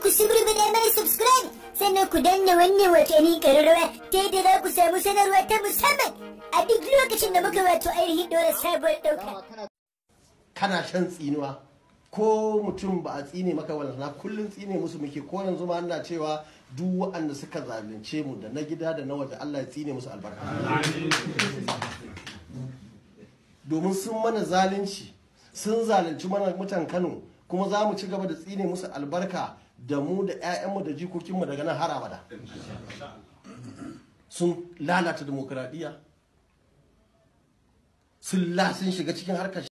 ku subscribe mai subscribe sannan ku danna wannan watanni ni ta yadda za ku samu sanarwa ta musamman a duk lokacin da muka wato ainihin dora sabuwar dauka. Kana shan tsinuwa ko mutum ba a tsine maka na kullum tsine musu muke ko yanzu ma ana cewa duk waɗanda suka zalunce mu da na gida da na waje Allah ya tsine musu albarka. Domin sun mana zalunci sun zalunci mana mutan Kano kuma za mu ci gaba da tsine musu albarka da mu da 'ya'yanmu da jikokinmu daga nan har abada sun lalata demokradiyya sun la shiga cikin harkar